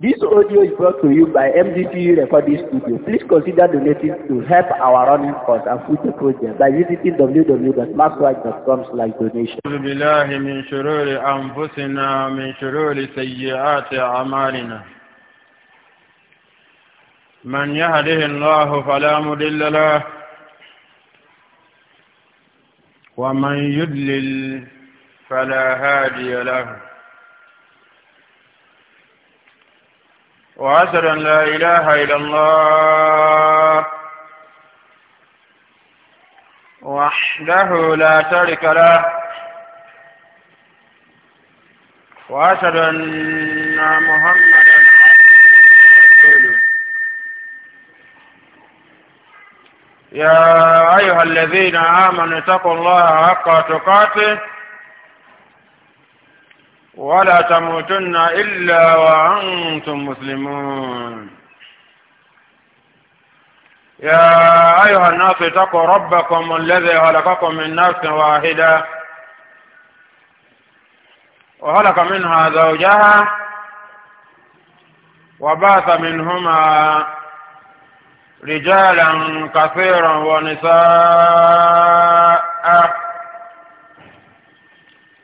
This audio is brought to you by MDPU Recording Studio. Please consider donating to help our running cost and future projects by visiting www.maxwatch.com slash donation. أعوذ بالله من شرور أنفسنا ومن شرور سيئات أعمالنا. من يهده الله فلا مضل له ومن يضلل فلا هادي له. وأشهد أن لا إله إلا الله وحده لا شريك له وأشهد أن محمدا يا أيها الذين آمنوا اتقوا الله حق تقاته ولا تموتن إلا وأنتم مسلمون يا أيها الناس اتقوا ربكم الذي خلقكم من نفس واحدة وخلق منها زوجها وبعث منهما رجالا كثيرا ونساء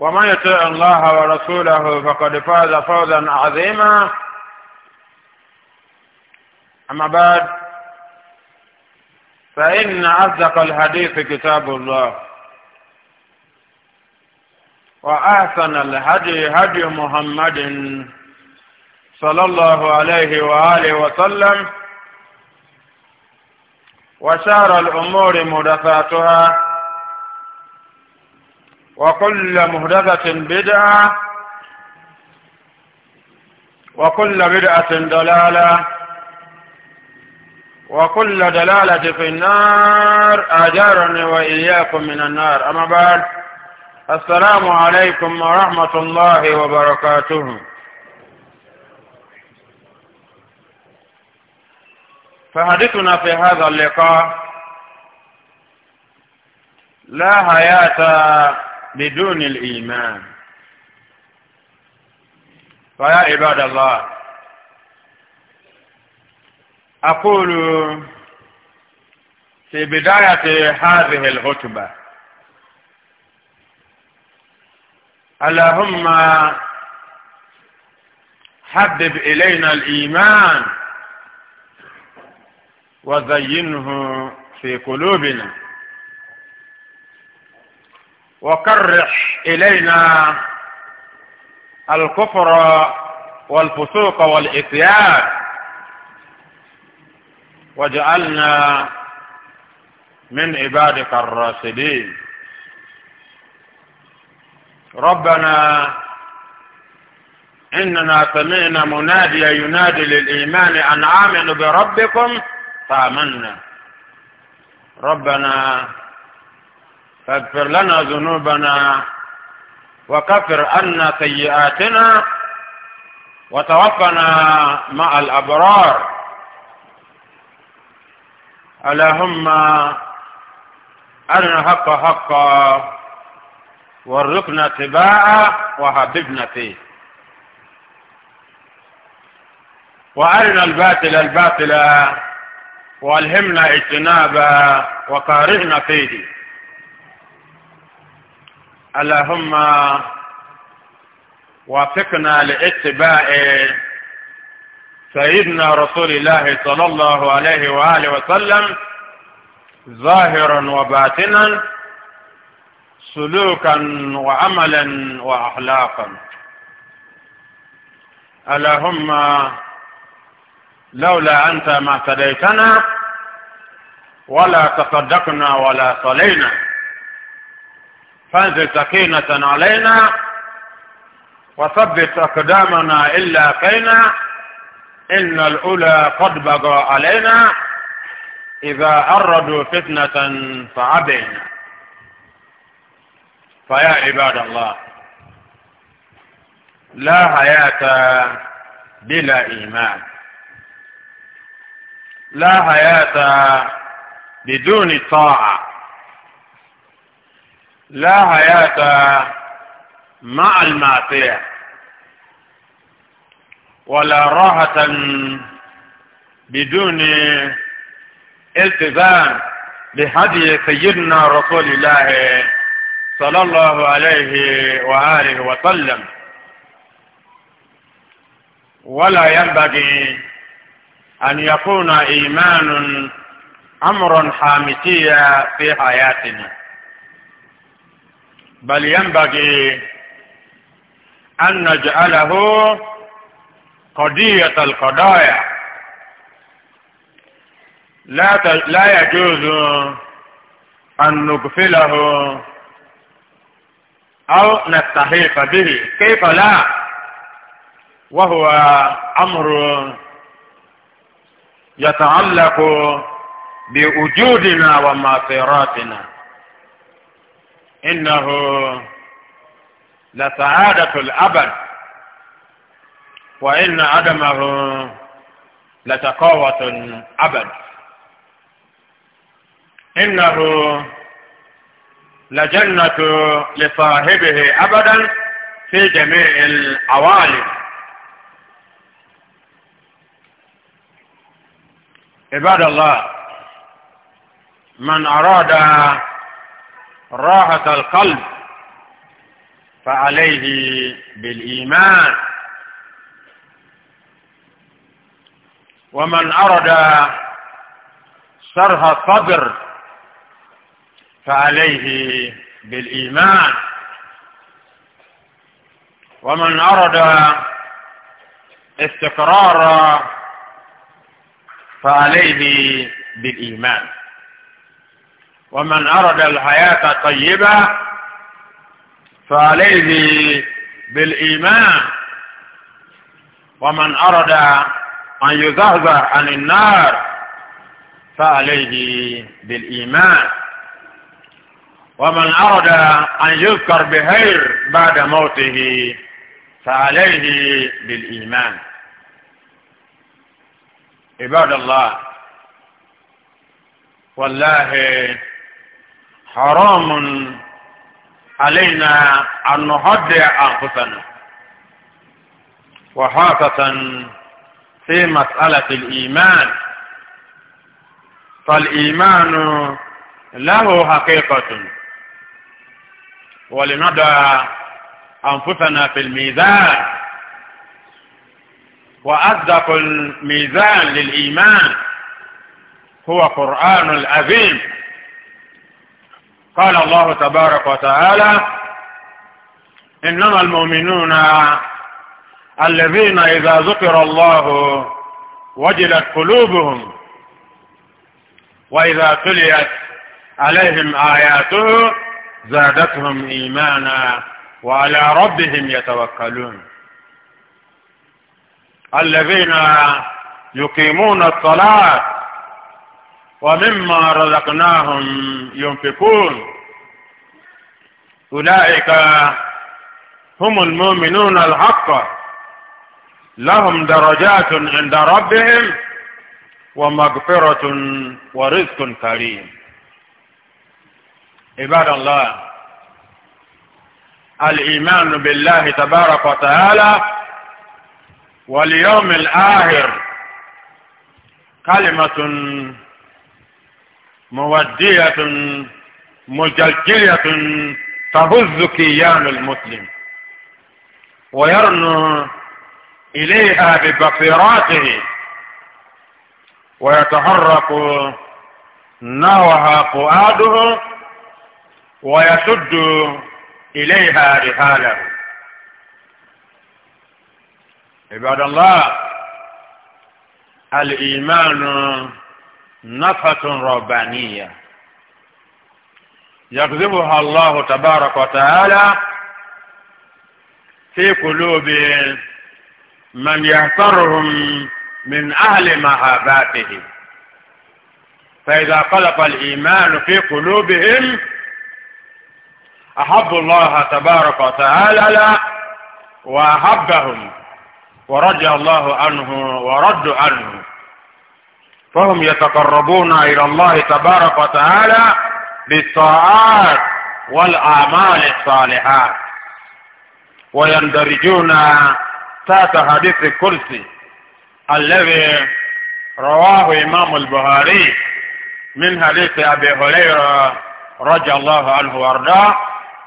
ومن يطع الله ورسوله فقد فاز فوزا عظيما أما بعد فإن أصدق الحديث كتاب الله وأحسن الهدي هدي محمد صلى الله عليه وآله وسلم وشار الأمور مدثاتها وكل مهدبة بدعة وكل بدعة دلالة وكل دلالة في النار أجرني وإياكم من النار أما بعد السلام عليكم ورحمة الله وبركاته فحديثنا في هذا اللقاء لا حياة بدون الإيمان فيا عباد الله أقول في بداية هذه الخطبة اللهم حبب إلينا الإيمان وزينه في قلوبنا وكرح إلينا الكفر والفسوق والإتيان واجعلنا من عبادك الراشدين ربنا إننا سمعنا مناديا ينادي للإيمان أن آمنوا بربكم فآمنا ربنا فاغفر لنا ذنوبنا وكفر عنا سيئاتنا وتوفنا مع الأبرار اللهم أرنا حق حقا وارزقنا اتباعه وحببنا فيه وأرنا الباطل الباطل والهمنا اجتنابه وقارئنا فيه اللهم وفقنا لاتباع سيدنا رسول الله صلى الله عليه وآله وسلم ظاهرا وباطنا سلوكا وعملا وأخلاقا اللهم لولا أنت ما اهتديتنا ولا تصدقنا ولا صلينا فانزل سكينة علينا وثبت أقدامنا إلا كينا إن الأولى قد بقى علينا إذا أردوا فتنة فعبينا فيا عباد الله لا حياة بلا إيمان لا حياة بدون طاعة لا حياة مع المعصية ولا راحة بدون التزام بهدي سيدنا رسول الله صلى الله عليه وآله وسلم ولا ينبغي أن يكون إيمان أمرا حامسيا في حياتنا بل ينبغي أن نجعله قضية القضايا لا لا يجوز أن نغفله أو نستحيق به كيف لا وهو أمر يتعلق بوجودنا ومصيراتنا إنه لسعادة الأبد وإن عدمه لشقاوة الأبد إنه لجنة لصاحبه أبدا في جميع العوالم عباد الله من أراد راحة القلب فعليه بالإيمان ومن أرد شرها الصبر فعليه بالإيمان ومن أرد استقرار فعليه بالإيمان ومن أراد الحياة طيبة فعليه بالإيمان ومن أراد أن يزهزه عن النار فعليه بالإيمان ومن أراد أن يذكر بهير بعد موته فعليه بالإيمان عباد الله والله حرام علينا أن نهدع أنفسنا وخاصة في مسألة الإيمان فالإيمان له حقيقة ولنضع أنفسنا في الميزان وأصدق الميزان للإيمان هو قرآن العظيم قال الله تبارك وتعالى إنما المؤمنون الذين إذا ذكر الله وجلت قلوبهم وإذا تليت عليهم آياته زادتهم إيمانا وعلى ربهم يتوكلون الذين يقيمون الصلاة ومما رزقناهم ينفقون أولئك هم المؤمنون الحق لهم درجات عند ربهم ومغفرة ورزق كريم عباد الله الإيمان بالله تبارك وتعالى واليوم الآخر كلمة مودية مجلجلة تهز كيان المسلم ويرنو إليها ببصيراته ويتحرك نوها فؤاده ويسد إليها رحاله عباد الله الإيمان نفحة ربانية يكذبها الله تبارك وتعالى في قلوب من يهترهم من أهل مهاباته فإذا قلق الإيمان في قلوبهم أحبوا الله تبارك وتعالى وأحبهم ورجى الله عنه ورد عنه فهم يتقربون إلى الله تبارك وتعالى بالطاعات والأعمال الصالحات ويندرجون تحت حديث الكرسي الذي رواه إمام البخاري من حديث أبي هريرة رضي الله عنه وارضاه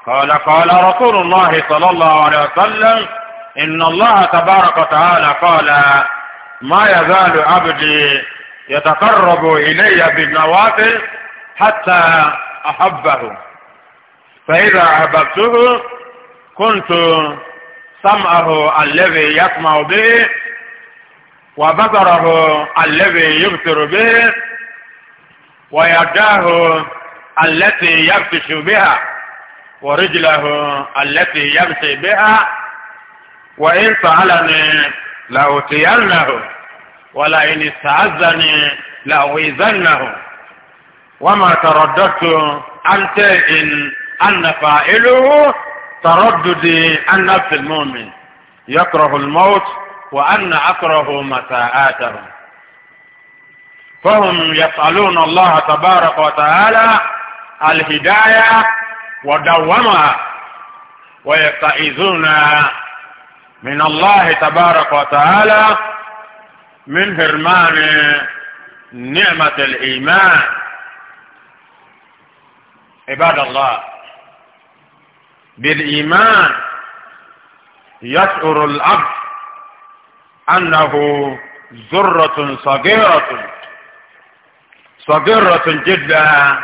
قال قال رسول الله صلى الله عليه وسلم إن الله تبارك وتعالى قال ما يزال عبدي يتقرب إلي بالنوافل حتى أحبه فإذا أحببته كنت سمعه الذي يسمع به وبصره الذي يبصر به ويداه التي يبطش بها ورجله التي يمشي بها وإن سألني لأوتينه ولئن استعذني لأغيظنه وما ترددت عن شيء أن فاعله ترددي عن نفس المؤمن يكره الموت وأن أكره مساءاته فهم يسألون الله تبارك وتعالى الهداية ودومها ويستعيذون من الله تبارك وتعالى من هرمان نعمة الإيمان عباد الله بالإيمان يشعر العبد أنه ذرة صغيرة صغيرة جدا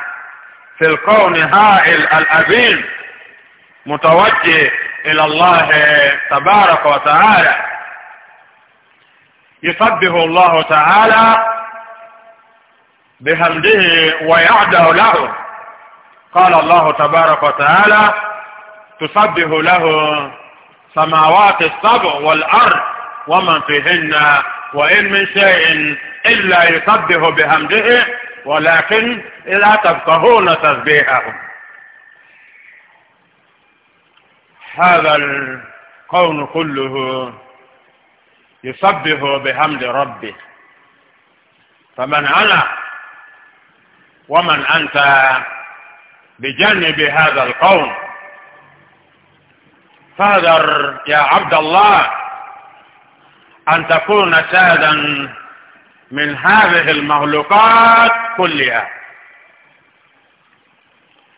في الكون هائل الأبين متوجه إلى الله تبارك وتعالى يسبح الله تعالى بحمده ويعده له قال الله تبارك وتعالى تسبح له سماوات السبع والأرض ومن فيهن وإن من شيء إلا يسبح بحمده ولكن لا تفقهون تسبيحهم هذا القول كله يسبح بحمد ربه فمن أنا ومن أنت بجانب هذا القوم فاذر يا عبد الله أن تكون سادا من هذه المخلوقات كلها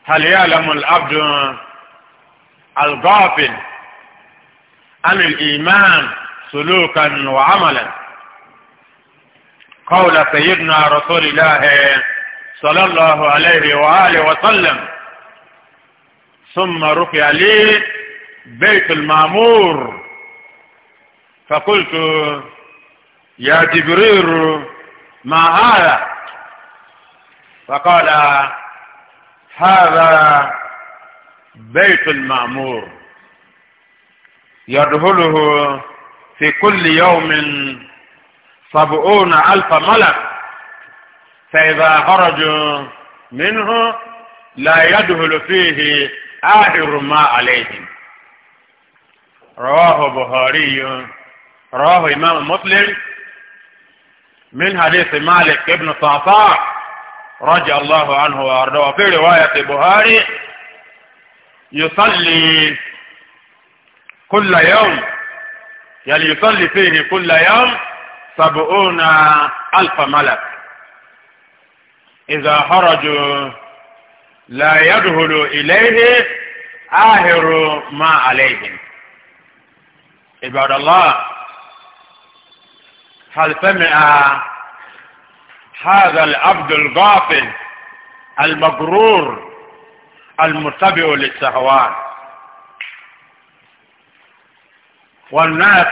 هل يعلم العبد الغافل عن الإيمان سلوكا وعملا قول سيدنا رسول الله صلى الله عليه وآله وسلم ثم رقي لي بيت المامور فقلت يا جبرير ما هذا فقال هذا بيت المامور يدخله في كل يوم سبعون ألف ملك فإذا خرجوا منه لا يدخل فيه آخر ما عليهم رواه بخاري رواه إمام مسلم من حديث مالك بن صعصاع رضي الله عنه وأرضاه وفي رواية بخاري يصلي كل يوم يعني يصلي فيه كل يوم سبعون ألف ملك إذا خرجوا لا يدخل إليه آخر ما عليهم عباد الله هل سمع هذا العبد الغافل المغرور المتبع للشهوات والناس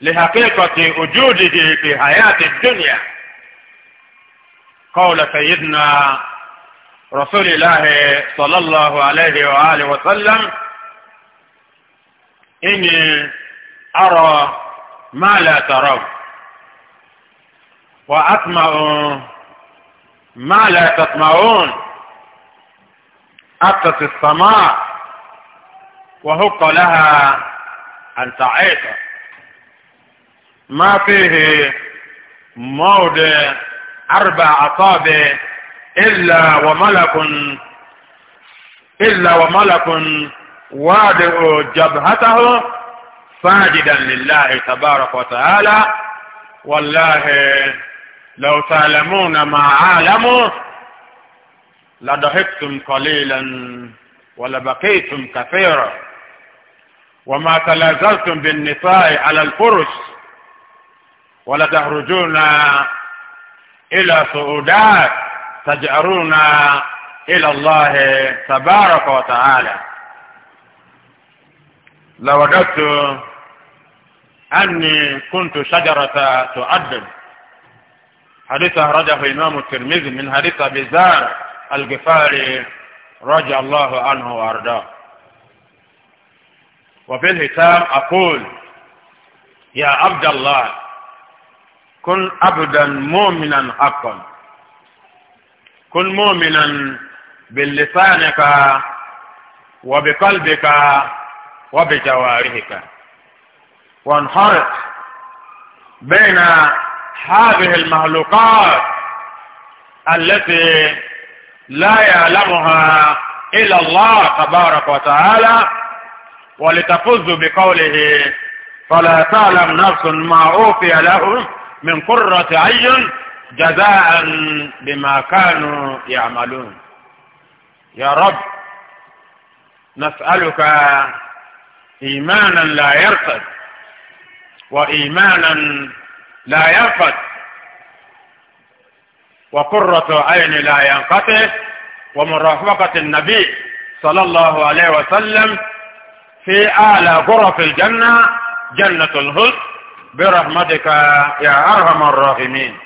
لحقيقة وجوده في حياة الدنيا قول سيدنا رسول الله صلى الله عليه وآله وسلم إني أرى ما لا ترون وأطمع ما لا تطمعون أتت السماء وهق لها أن تعيش ما فيه موضع أربع أصابع إلا وملك إلا وملك وادع جبهته ساجدا لله تبارك وتعالى والله لو تعلمون ما عالموا لضحكتم قليلا ولبقيتم كثيرا وما تلازلتم بالنساء على الفرش ولتخرجون إلى صعودات تجأرون إلى الله تبارك وتعالى لوددت أني كنت شجرة تؤدب حديث أخرجه الإمام الترمذي من حديث أبي ذر الغفاري رضي الله عنه وأرضاه وفي الختام أقول يا عبد الله كن عبدا مؤمنا حقا كن مؤمنا بلسانك وبقلبك وبجوارحك وانحرق بين هذه المخلوقات التي لا يعلمها إلا الله تبارك وتعالى ولتفز بقوله فلا تعلم نفس ما أوفي لهم من قرة عين جزاء بما كانوا يعملون يا رب نسألك إيمانا لا يرقد وإيمانا لا يرقد وقرة عين لا ينقطع ومرافقة النبي صلى الله عليه وسلم في أعلى غرف الجنة جنة الهد برحمتك يا أرحم الراحمين